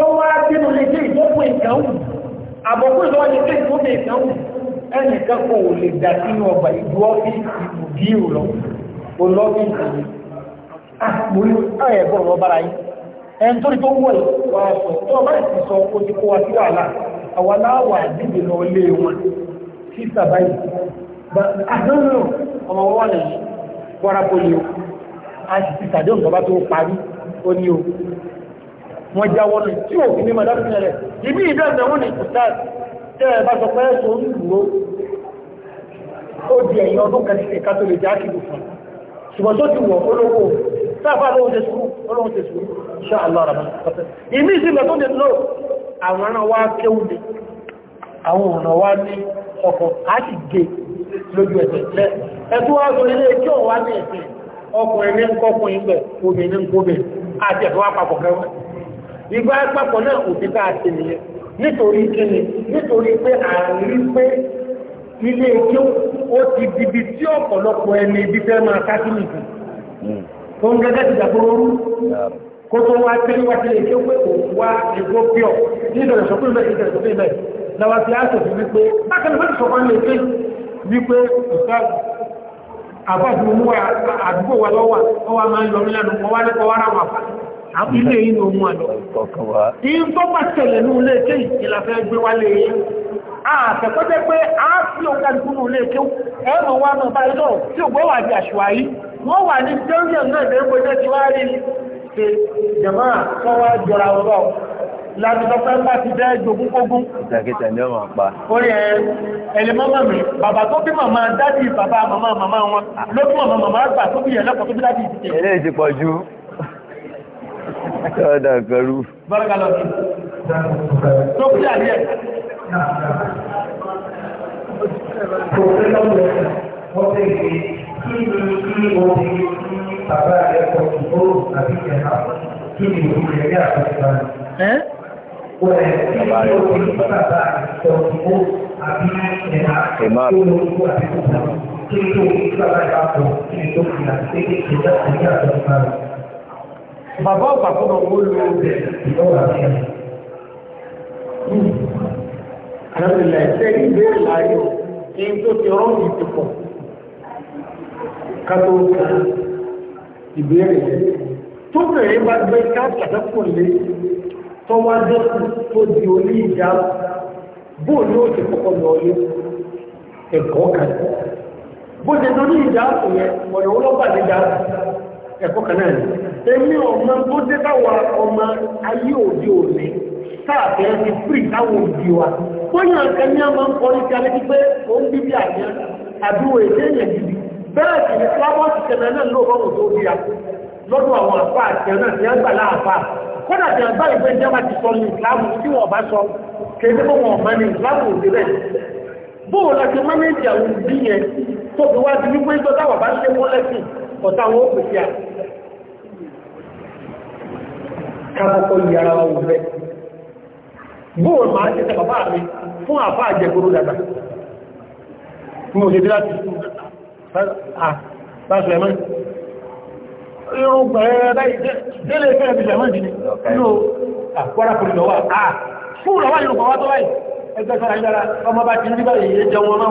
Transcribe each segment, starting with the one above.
tó wá sínú lè jẹ́ ìgbókùn ìkànwù àbọ̀kùn ìlọ́wọ́ lè jẹ́ ìgbókùn ìkànwù ẹnìkan kò lè dà sínú ọgbà ìlú ọ́fíìsì ìbùdíò lọ olọ́fíìsì yìí àpòlú ẹ̀bọ̀ lọ bára yìí ẹn tó rí tó wọ́ ìwà ọ̀sọ̀ tó ọba ìsì sọ ó ti kó wa sí wàhálà àwọn aláwà dìde lọ lé wọn sí sàbá yìí àdánù ọmọ wọn lè yí wọ́n rápò lè o a sì ti sàdé òǹkọ́ bá tó parí ó wọ́n jáwọ́ ní tí ò fi ní mọ̀dáfínà rẹ̀ ibi ìdẹ́ẹ̀dẹ̀ wọ́n ni ìpùtàd tẹ́ ẹ bá sọ pé ẹ̀sùn ń dúró ó di ẹ̀yìn ọdún kan sí ẹ̀ka tó lè já kìlù fún ṣùgbọ́n tó ti wọ̀ olówó sáfà lóhun ṣe sùúrù olóhun ṣe sùúrù ṣá alára bá pàtẹ́ ìmí ìsìnlẹ̀ tó lè lò àwọn ará wa kéwù ni àwọn ọ̀nà wa ní ọkọ̀ á sì gé lójú ẹ̀sẹ̀ ẹ̀tún wá sọ ilé ẹjọ́ wa ní ẹ̀sẹ̀ ọkùnrin ní ń kọkùnrin bẹ̀ obìnrin ń kóbẹ̀ àti ẹ̀tún wá kẹwàá ìgbà àpapọ̀ náà kò fi ká àti nìyẹn nítorí kíni nítorí pé à ń rí pé ilé ẹjọ́ ó ti dibi tí ọ̀pọ̀lọpọ̀ ẹni ibi fẹ́ máa kákìlì jù tó ń gẹ́gẹ́ ti dàgbòrò rú kó tó wá tẹ́lẹ̀ wá tẹ́lẹ̀ ẹjọ́ pé kò wá ẹgbó píọ̀ nínú ìdọ̀rẹ̀sọ̀kúrò mẹ́rin ìdọ̀rẹ̀sọ̀kúrò mẹ́rin làwọn ti á sọ̀tún wípé bákan náà sọ̀kan lè pé wípé àbájúmọ́ àdúgbò wa lọ́wà ọwà máa ń lọ nílànà ọwà nípa wàrà wà fàájú ilé inú ohun àlọ́. Ìyí tó bá tẹ̀lẹ̀ ní ilé ké ìlàfẹ́ gbé wálé yìí. Àtẹ̀kọ́jẹ́ pé a fi òun kàdùkú ní ilé ké ẹ̀rọ wa náà bá ilọ́ tí ò gbọ́ wà ní àṣùwà yìí. Wọ́n wà ní Jẹ́rìyàn náà ní ẹgbẹ́ jẹ́ ti wá rí ṣe jẹ̀mọ́ kọ́ wá jọra ọ̀rọ̀. Lánàá pẹ́ bá ti jẹ́ jogún kógún. Ìtàkìtà ni wọ́n pa. Orí ẹ ẹ̀lẹ́ mọ́mọ́ mi, bàbá tó bí màmá dádì bàbá màmá màmá wọn, ló fún ọmọ màmá àgbà ọ̀dà kọrú. bọ́rọ̀kálọ̀ tó kí àríẹ̀. kò fẹ́ lọ́wọ́ wọ́n fẹ́ gbé kí ni kí o ti kí bàbá rẹ̀ kọ̀ tó àbí ìjẹ̀ká kí ni o ti rẹ̀ àkọsílẹ̀ rẹ̀. Ìmọ̀ àti ìjọba ìbáfọ̀ kí ni tó fi àti pé kí ìjọba ìbáfọ̀ bàbá ọ̀pá fún ọmọ olùwẹ̀ ọ̀bẹ̀ àrẹ́lẹ̀ ẹ̀ṣẹ́ ìgbé ìlàyò kí n tó ti rán ìtì pọ̀ kátó ìbéèrè tó bẹ̀rẹ̀ bá gbé káàkiri àtẹ́kùn lé tọ́wájọ́ tó di orí ìjà bóò ní ó ti kọ́kọ́ lọ ilé ẹ̀kọ́ kan bó ṣe torí ìjà àtúnyẹ ọ̀nà olóbàdé dáa ẹ̀kọ́ kan náà ni èmi ọmọ tó dé táwa ọmọ ayé òde òní sáàfẹ́ ti fírì táwọn òbí wa bóyá nǹkan ní ọmọ ń kọrin ti alẹ́ pípé òun bíbí àjẹ́ àdúrò èdè èèyàn gidi bẹ́ẹ̀ sì ni fúlábọ́ọ̀sì kẹmẹ náà ló bọ́ òun tó ya lọ́dún àwọn àfa àti ẹ̀nà tí wọ́n gbà láàfa kódà tí wọ́n gbà ìgbé jẹ́wà ti sọ ní ìsìlámù tí wọ́n bá sọ kéde bó wọn ọ̀mọ́ ní ìsìlámù òde bẹ́ẹ̀ bóòlù àti mọ́nẹ́jì àwọn òbí yẹn tó fi wá sí wípé ìjọ táwọn bá ṣe mú ọ̀tá wọn ó pè sí à kákọ́kọ́ yàrá wọn rẹ̀ bóòrùn máa ṣe tẹ bàbá mi fún àfá àjẹgbòrò dàgbà mo lè dé láti fún àbáṣọ ẹ̀mọ́ irun pẹ̀lẹ́ báyìí délé fẹ́rẹ̀ bí ṣẹ̀mọ́ jìnì ló àpọ́rà kò lọ́wà àà fún ìrọ̀wà ìrùpọ̀ wá tó báyìí ọmọ bá ti ní báyìí ẹjẹ wọn náà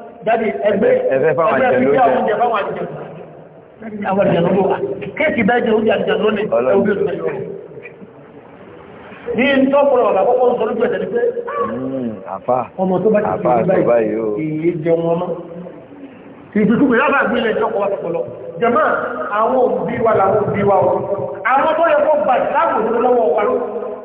jáde ẹgbẹ́ ẹgbẹ́ fáwọn àjẹ̀lú jẹ àwọn àjẹ̀lú ló wà kéèkì bá jẹ oúnjẹ àjẹ̀lú ní ọjọ́ ìgbẹ̀lú ní ń tọ́pọ̀lọ̀ bàbá kọ́kọ́ ń sọ́lú jẹ́ pé hmm, ọmọ tó bá ti bá ìyé jẹ wọn mọ́ ìgbìkúgbì lábà gbílẹ̀ jọ́kọ̀ wá tọ́pọ̀lọ̀ jẹ́mọ́ àwọn òbí wa làwọn òbí wa wọn àwọn tó yẹ kó gbà láàbò lọ́wọ́ wa lọ́wọ́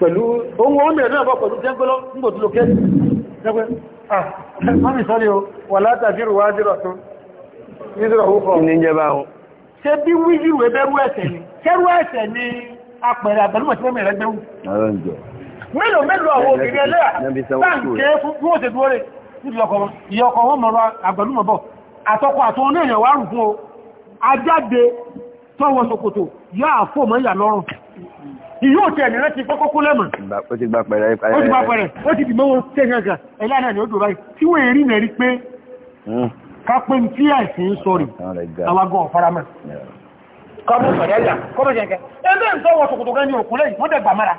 pẹ̀lú ohun ohun mẹ́rin náà bọ́ pẹ̀lú jẹ́gbọ́lọ́ nígbò tí ló ké jẹ́gbẹ́ ah mọ́mí sọ́lẹ̀ o wà látàfíìrù wá jírọ̀ tó nítorọ̀ húkọ̀ ní jẹba ohun ṣe bí wíjìrù ẹbẹ́rú ẹ̀sẹ̀ ni kẹrù ẹ̀sẹ̀ ni apẹ̀rẹ̀ àgbẹ̀lúmọ̀ tí mẹ́rin ẹgbẹ̀rún mélòó mélòó àwọn obìnrin ẹlẹ́yà báńkẹ́ fún bí wọ́n ṣe dúró rẹ̀ nítorọ̀kọ̀ ìyọkọ̀ wọn mọ̀rọ̀ àgbẹ̀lúmọ̀ bọ̀ àtọkọ àtọun náà yẹ̀ wá rùn fún o ajáde tọwọ́ ṣòkòtò yọ àfò mọ́ ìyà lọ́rùn yóò tẹ̀ ẹ̀nìyàn ti kọ́kọ́ kó lẹ́mọ̀ ó ti gba pẹ̀rẹ̀ ó ti gba pẹ̀rẹ̀ ó ti dìbò wọn tẹ̀sán kan ẹ̀lá náà ni ó dùn báyìí tí wọ́n èrí nẹ̀rí pé hmm. kápẹ́ tí àìsàn sọ̀rì awagọ̀ ọ̀faramà kọ́mọ̀ sọ̀rẹ́yà kọ́mọ̀ jẹ́kẹ́ ẹgbẹ́ ń tọ́wọ́ sọ̀kòtò gan ní òkú lẹ́yìn wọ́n dẹ̀ gbàmára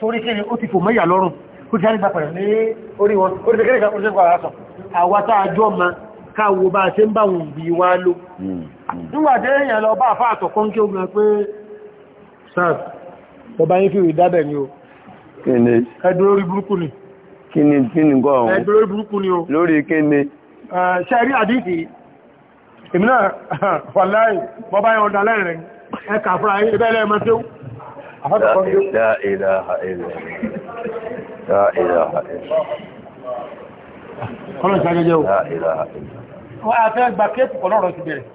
torí kí ni ó ti fò mẹ́yà lọ́rùn ó ti sáré gbà pẹ̀lẹ̀ ní orí wọn ó ti kékeré kan ó ti sẹ́kọ̀ọ́ a jọ ma káwo bá a ṣe ń bá wọn bí wá ló hmm, hmm. nígbà tẹ́yìn lọ bá àfáà tọ̀kọ́ ń kí ó gbà pé sars bọ́bá yín fi rí dábẹ̀ ni o ẹ̀dùn lórí burúkú ni kíni kíni gọ́ ọ̀hún ẹ̀dùn lórí burúkú ni o lórí kíni ṣe rí àdíkì èmi náà wàláì bọ́bá yín ọ̀dà lẹ́rìn ẹ̀kà fúnra yín ibẹ̀ lẹ́ẹ̀mọ́ tí ó Ọlọ́run ṣàgẹ́jẹ́ o. Wọ́n àfẹ́ gbà kéèkù kọ́ lọ́rọ̀ ti bẹ̀rẹ̀.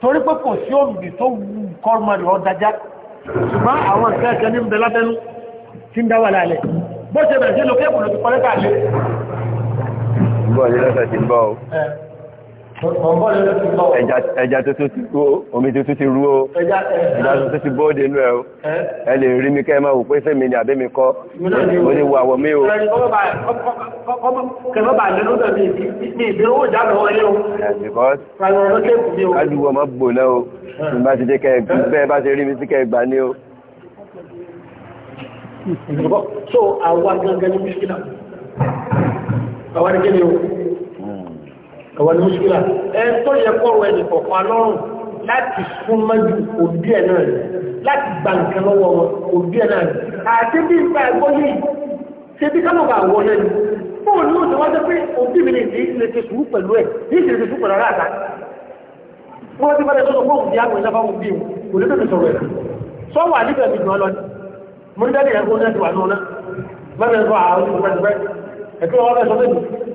Torí pé kò sí òmìnir tó wù kọ́rùmọ̀lù ọ̀dájá ṣùgbọ́n àwọn ìṣẹ́ẹ̀kẹ́ ní ìbẹ̀ lábẹ́nú tí ń dáwà lálẹ́ bó ṣe bẹ̀rẹ̀ sí lókẹ́kùn lókẹ́ ẹja tuntun ti kú omi tuntun ti rú o ẹja tuntun ti bóde inú ẹ o ẹ lè rí mi kẹ́ ẹ máa wò pé sẹ́mi ni àbẹ́ mi kọ́ o lè wo àwọ̀ mi o. kájú ọmọ gbòná o bá ti jẹ́ kẹ́ ẹ bẹ́ẹ̀ bá ti rí mi sí kẹ́ ẹ gbà ní o. so àwọn agangan ni mí sílá àwọn agangan ni o àwọn ní mùsùlùmí ẹ tó yẹ kọ́rọ̀ ẹni kọ̀ọ̀kan lọ́rùn láti súnmọ́ ju òbí ẹ̀ náà rẹ̀ láti gba nǹkan lọ́wọ́ wọn òbí ẹ̀ náà rẹ̀ àti bí ìgbà ẹ̀gbọ́n yìí ṣe bí ká lọ́ba àwọn ẹni fóònù ní òṣèwọ́ jẹ́ pé òbí mi lè ti lè ti sùn pẹ̀lú ẹ̀ ní ìṣèlè ti sùn pẹ̀lú ara àta wọ́n ti bá dẹ́ sọ́sọ́ fóònù ìyá àwọn ìjọba òbí wọn kò lè tẹ̀lé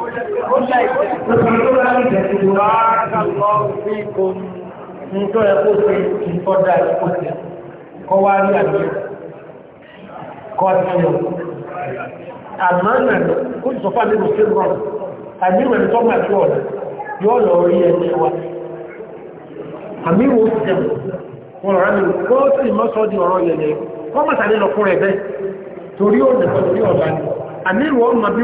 Nítọ́ ẹ̀kọ́ ṣe ìfọ́dá ẹ̀kọ́ ṣe kọ́ wá rí àjẹ́ kọ́ ṣe àmọ́ nà kó ìsọ̀fà nínú sí rọrùn àmìwẹ̀ tó máa tí ọ̀nà yóò lọ rí ẹni wa àmìwò jẹ́ wọn rán ní kó sì mọ́ sọ́ di ọ̀rọ̀ yẹn kọ́ mọ́sàrí lọ fún rẹ̀ bẹ́ẹ̀ torí ó nìkan torí ọ̀dá àmìwò ọmọ bí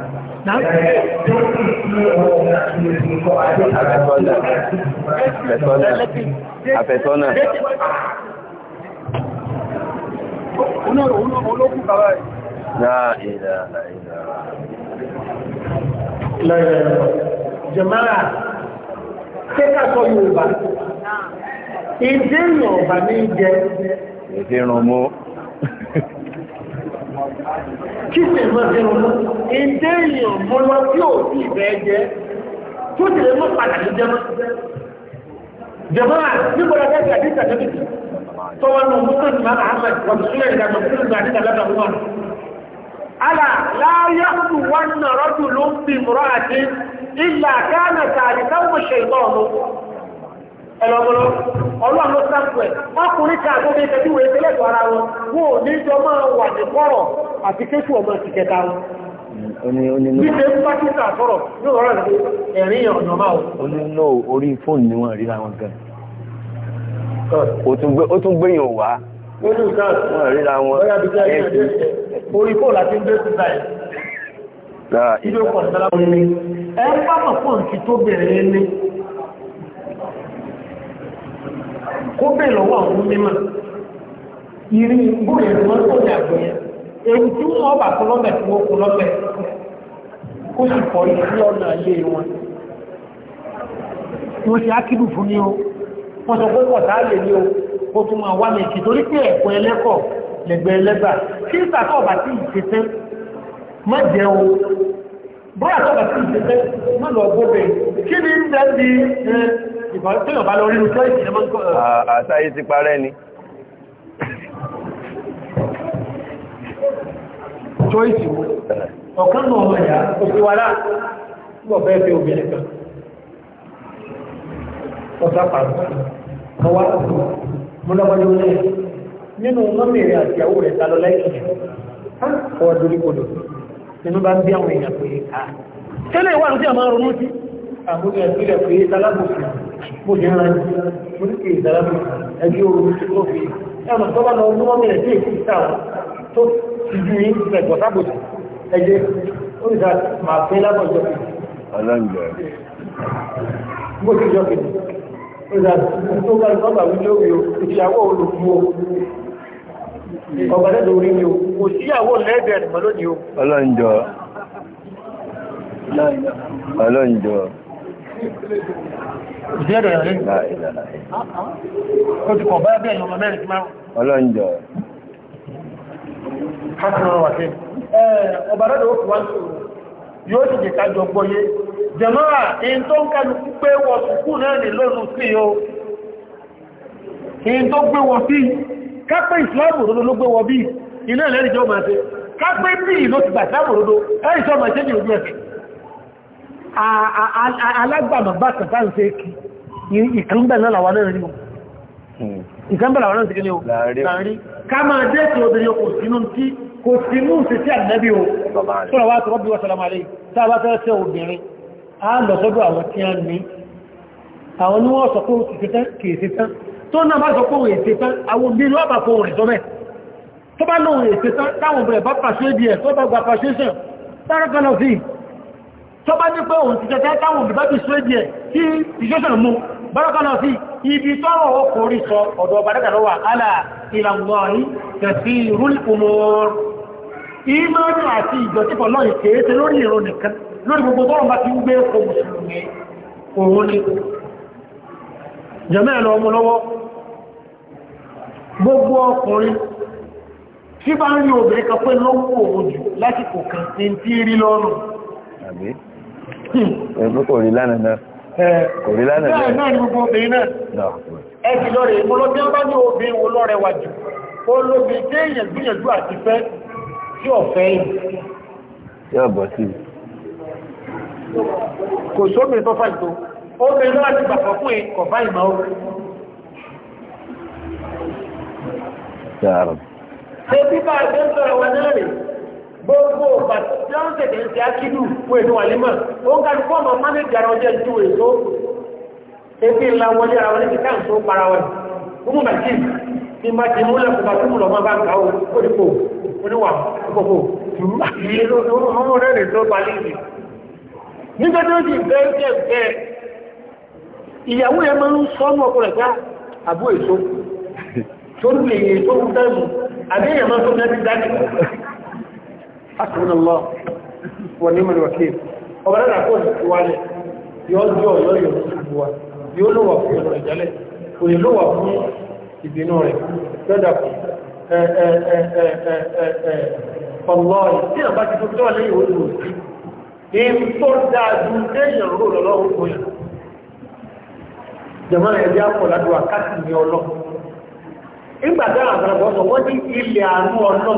Àfẹ́sọ́nà. Olókùn kàwà ẹ̀. Náà ìlà ìlà. Lọ́yẹ̀ jẹmáà, kéka sọ Yorùbá, ìdí ìrìn ọ̀bà ní jẹ. Ìdí ìrìn mú. kí tèmọ́ sínú mú ìdé èèyàn mú lọ tí ò sí ìfẹ́ tó ti lè mọ́ padà ní jẹmọ́ jẹmọ́ nígbàdá bẹ́ẹ̀ àti ìtàkẹ́bí tọ́wọ́ nù mú náà nìmá ahmed wàtúnṣúlẹ̀ ìdàgbà fún ọlọ́run ló ẹ̀ ọkùnrin àti kéṣù ọmọ ti kẹta wọn nígbé pákítà sọ̀rọ̀ yóò rọrọ̀ ẹ̀rin ọ̀nà máa ó ní no orí fóònù ni wọ́n rí láwọn gan ó tún gbéyàn wá wọ́n rí láwọn orí fóònù láti ń gbé síta ẹ̀ ìlú ọkọ̀ ìtàlá wọn ni ẹ pápá fóònù ti tó bẹ̀rẹ̀ ní kó bẹ̀rẹ̀ lọ́wọ́ àwọn mímọ̀ ìrìn gbóyè ni tó ní èyí tí wọ́n bà tó lọ́bẹ̀ tí wọ́n kó lọ́bẹ̀ kó sì kọ́ sí ọ̀nà ilé wọn wọ́n ti ákìlù fún ní o wọ́n sọ pé kọ̀tà lè ní o ó tún máa wá méjì torí pé ẹ̀kọ́ ẹlẹ́kọ̀ọ́ lẹ̀gbẹ̀ ẹlẹ́gbà tí ìsàtọ̀ ọ̀bà tí ìṣẹ́fẹ́ má jẹ́ o bóyá tọ́bà tí ìṣẹ́fẹ́ má lọ gbóbẹ̀ kí ni ń jẹ́ bí ìbọn tí ọ̀bá lọ rí choice mu ọ̀kan náà ọmọ ìyá òṣìwàlá nígbà fẹ́ fẹ́ obìnrin kan ọ̀sá pàtó ọwá ta a tó ti ju yín ẹ̀gbọ́n sábòtì ẹ̀jẹ̀ ó ní sáà máa pín lábọ̀ ìjọ kejì. aláǹgbà. mo ti jọ kejì ó tó bá lọ bàbá mi lórí o ìṣàwọ̀ olùkú o ọ̀gbà lẹ́dọ̀ orí mi o kò síyàwó lẹ́ẹ̀dẹ̀ẹ̀dẹ̀ mọ́ lónìí o. aláǹjọ. aláǹjọ. ìṣẹ́dọ̀ yàrá. ó ti kọ̀ bá bẹ́ẹ̀ ni ọmọ mẹ́rin ti máa aláǹjọ hasanul wakil ọba rẹ̀ ó wá sọ̀rọ̀ yóò sì jẹ́ká jọ gbọ́yé jẹ̀mọ́ra in tó ń kẹ́lù pé wọ sùkú náà ní lónú sí o in tó gbé wọ sí kápẹ́ ìsìláàmù lódó ló gbé wọ bí iná ẹ̀lẹ́rìí jọ máa ṣe kápẹ́ bí ìlú ti gbà ìsìláàmù lódó ẹ̀rìí jọ máa ṣe ní ojú ẹ̀sẹ̀ alágbàmà bá kàtà ń ṣe kí ìkànbẹ̀lẹ̀ làwọn náà rí o hmm. ìkànbẹ̀lẹ̀ làwọn náà kò sí inú ìsẹsí ànábì o sọ́rọ̀ wá tọ́rọ̀ bí wọ́n sọ́rọ̀ máa lè tàbá tẹ́rẹ́ tẹ́ obìnrin a lọ sọ́dọ̀ àwọn tí a ní àwọn ní wọ́n sọ pé ó ti ṣe tán kìí ṣe tán tó náà bá sọ pé òun èsè tán àwọn obìnrin wà bá ibi tọ́rọ̀ ó kórí sọ ọ̀dọ̀ ọba dẹ́gbà lọ́wọ́ àlà ìlànàmọ́rí tẹ̀sí rúlùkùmọ́r ìmọ̀ọ́nù àti ìjọsípọ̀ lọ́yìn kéèké lórí ìrọ̀ nìkan lórí gbogbo tọ́rọ̀ bá ti ń gbé kò mùsùlùmí òun ni jẹ́mẹ́ lọ ọmọ lọ́wọ́ gbogbo ọkùnrin tí bá ń rí obìnrin kan pé kò rí lánàá bẹ́ẹ̀ náà ni gbogbo obìnrin náà ẹ ti lọ rẹ̀ ìmọ́lọ́ tí wọ́n bá ní obìnrin wo lọ́rẹ̀ wà jù ó lóbi tí èèyàn gbìyànjú àti fẹ́ tí ò fẹ́ yìí yóò bọ̀ sí i kò sóbìnrin tó fàìtó obìnrin náà ti gbàgbọ́ fún ikọ̀ bá ìmọ̀ ó ṣe bí bá sọ̀rọ̀ wọn náà gbogbo ọ̀pá tí wọ́n tẹ̀lé ń ṣe akídù fún èdè wà límọ̀ ó ń kájú fọ́ọ̀mù mánéjì ara ọjọ́ ìjú èso ebi ńlá wọlé ara wọn níbi káà tó para wọn fún mú bàjẹ́ ní má ti mú lẹ́kùn bá túmù lọ́mọ bá ń kà ó ó ní kò ó ní wà kòkò ọmọ rẹ̀ rẹ̀ tó balẹ̀ ìdè nígbà asìmọ́nàlọ́ wọ́n ní mọ̀lẹ̀wàkí ọ̀rẹ́ ràkọ́ ìwálẹ̀ yóò jọ yóò yóò ṣùgbọ́wà yóò lówà fún ọ̀rọ̀ ìjálẹ̀ kò ní lówà fún ìbínú rẹ̀ lọ́dàkù ọlọ́ọ̀lì tí àbá ti tó lẹ́yìn ojú ní tó dáadú lẹ́yìn rò lọ́wọ́ òyà jẹmọ́ ẹ̀dẹ́ àpọ̀ládùn àkásì ní ọlọ́ ìgbàdá àgbàlagbọ́ sọ wọ́n ní ilẹ̀ àánú ọlọ́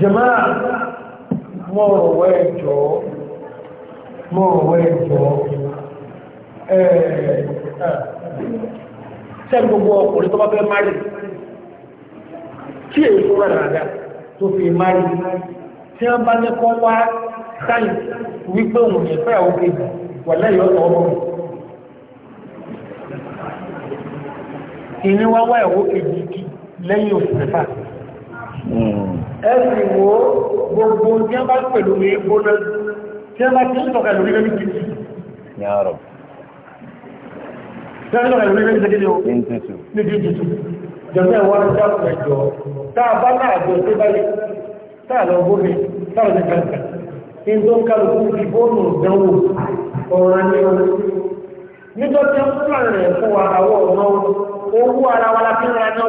jẹ́mọ́ mọ́rọ̀wọ́ ẹ̀jọ́ mọ́rọ̀wọ́ ẹ̀jọ́ ṣẹ́ gbogbo ọkùnrin tó bá fẹ́ márì tí èyí tó rà rà tó fi márì tí wọ́n bá ní kọ́ wá sáyìn wípé òun yẹn fẹ́ àwọn kejì wà lẹ́yìn ọ̀tọ̀ ọmọ mi ìní wá wá ẹ̀wọ́ kejì lẹ́yìn oṣù ẹ̀sìn wo gbogbo tí a bá pẹ̀lú ní gbóná tí a bá tí ń tọ́ka lórí lórí kìtì yàrọ̀ tí a tọ́ka lórí lórí kìtì ní jùtù jẹ́mẹ́ wọ́n dákùn ẹjọ́ táà bá náà jọ sí báyìí táà lọ gómi táà lọ kàkà in tó ń kálukú ti bóònù ìdánwò ọ̀rọ̀ ní ọ̀rọ̀ nígbà tí a ń fún àrẹ̀ fún wa àwọn ọ̀nà owó ara wa la ń ra náà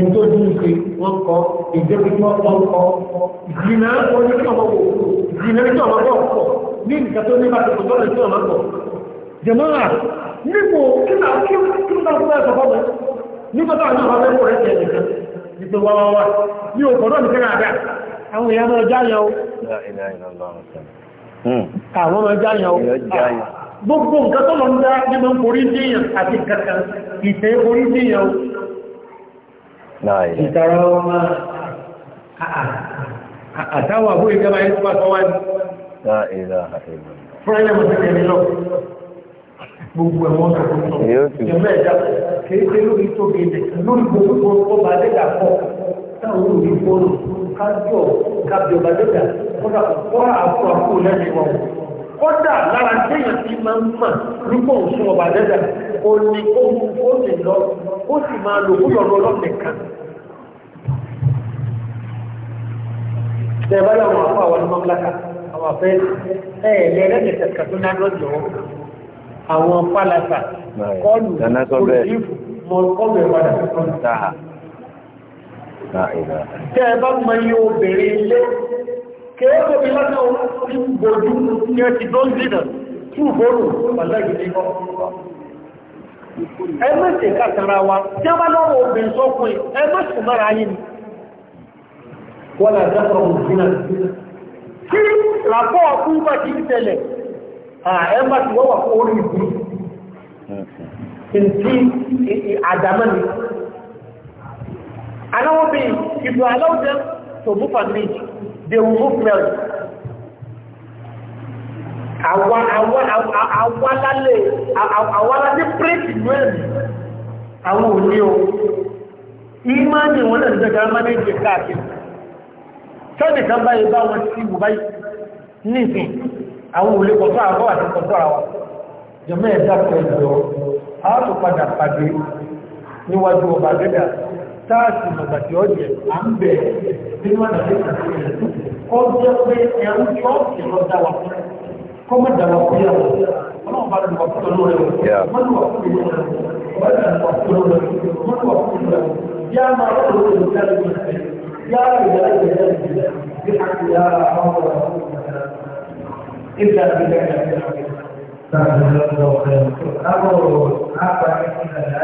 ètò ìdíje wọn kọ ìjẹ́pípọ́ ọkọ̀ ìjìnà oníkọ̀ọ́wọ́ ìjìnà ìjọ̀lọ́gbọ̀ pọ̀ ní ìgbà tó ní bàtẹ̀ tó lọ́rẹ̀ ìjọ̀lọ́gbọ̀ jẹ̀mọ́ra nígbò kí náà kí náà fún ẹ̀sọ̀ fọ́mọ̀ nígbà tó àwọn ọmọ ẹ̀kọ́ rẹ̀ tẹ̀lé kan ìpè wá wá wá ní òkò náà nìkan àdá àwọn èèyàn máa jáyàn o hmm. àwọn máa jáyàn o gbogbo nǹkan tó lọ ń dá ní máa ń forí díyàn àti kankan ìtẹ́ forí díyàn o ìtara ọmọ àtàwọn àbúrò ìjọba yìí tó sọ wá ní. fúráyà mọ̀tẹ́lẹ̀ mi lọ gbogbo ẹ̀wọ̀n tó kọ́ sọ ìjọba ẹ̀dá kìí ṣe lórí tó gèdè lórí gbogbo ọba adéga pọ̀ táwọn olùdí fóònù kájọ kábíọba adéga kọ́ra àbúrò àbúrò kọ́dà lára téèyàn tí máa ń mọ̀ nípò òṣùn ọba dẹ́dà ó ní ohun ó sì lọ ó sì máa lò fún ọ̀rọ̀ ọlọ́ọ̀dẹ kan. Ṣẹ̀bá làwọn afọ àwọn ọmọ mọ́láka àwọn afẹ́ ẹ̀ẹ́dẹ́ ẹ̀ẹ́dẹ́gbẹ̀sẹ̀ kàtó náà lọ́jọ́ àwọn pálásà kọlù olùdífù mọ kọlù ìpadà tuntun. Tẹ́ ẹ bá mọ iye obìnrin ilé kéèkò bí lọ́nà orí bojú ní ẹ̀kì tó ń dìnà tí ò bóró pàtàkì ní ọ ẹgbẹ́sẹ̀ kàtàrà wa tí a bá lọ́wọ́ obìnrin sọ́kùn ẹgbẹ́sẹ̀ mara ayé ni wọ́n là dákọ̀ òfinà tí ràpọ̀ ọkùn bá ti tẹ̀lẹ̀ ẹgbà tí wọ́n wà fún orí ìbú tí àdámẹ́ ni aláwọ̀ bí ìbò aláwọ̀ jẹ́ tòmúfà méjì the movement move men. Àwa àwa àwa lálẹ́ àwa lálẹ́ àwọn òní o. Ìmáàmì wọn jẹ́ káàkiri. kan báyìí bá wọn sí ìwò báyìí nísìn àwọn òlé kọ̀tọ́ àbọ̀ àti kọ̀tọ́ àwọ̀. Jọ̀mọ́ ẹ̀dá pẹ̀lú ọ̀, táàsì màgbà tí ó jẹ à ń bẹ̀ nínú àdàbí kọ́ jẹ́ pé ẹ̀rú tí ó sì lọ dáwà fún kọ́ mọ́ dáwà fún yà wọ́n ọlọ́run bá dùn wà fún ọlọ́run rẹ̀ wọ́n dùn wà fún ìwọ̀n rẹ̀ wọ́n dùn wà fún ọlọ́run rẹ̀ wọ́n dùn wà fún ìwọ̀n rẹ̀ yá máa wọ́n lọ́wọ́ lọ́wọ́ yá lọ́wọ́ yá lọ́wọ́ yá lọ́wọ́ yá lọ́wọ́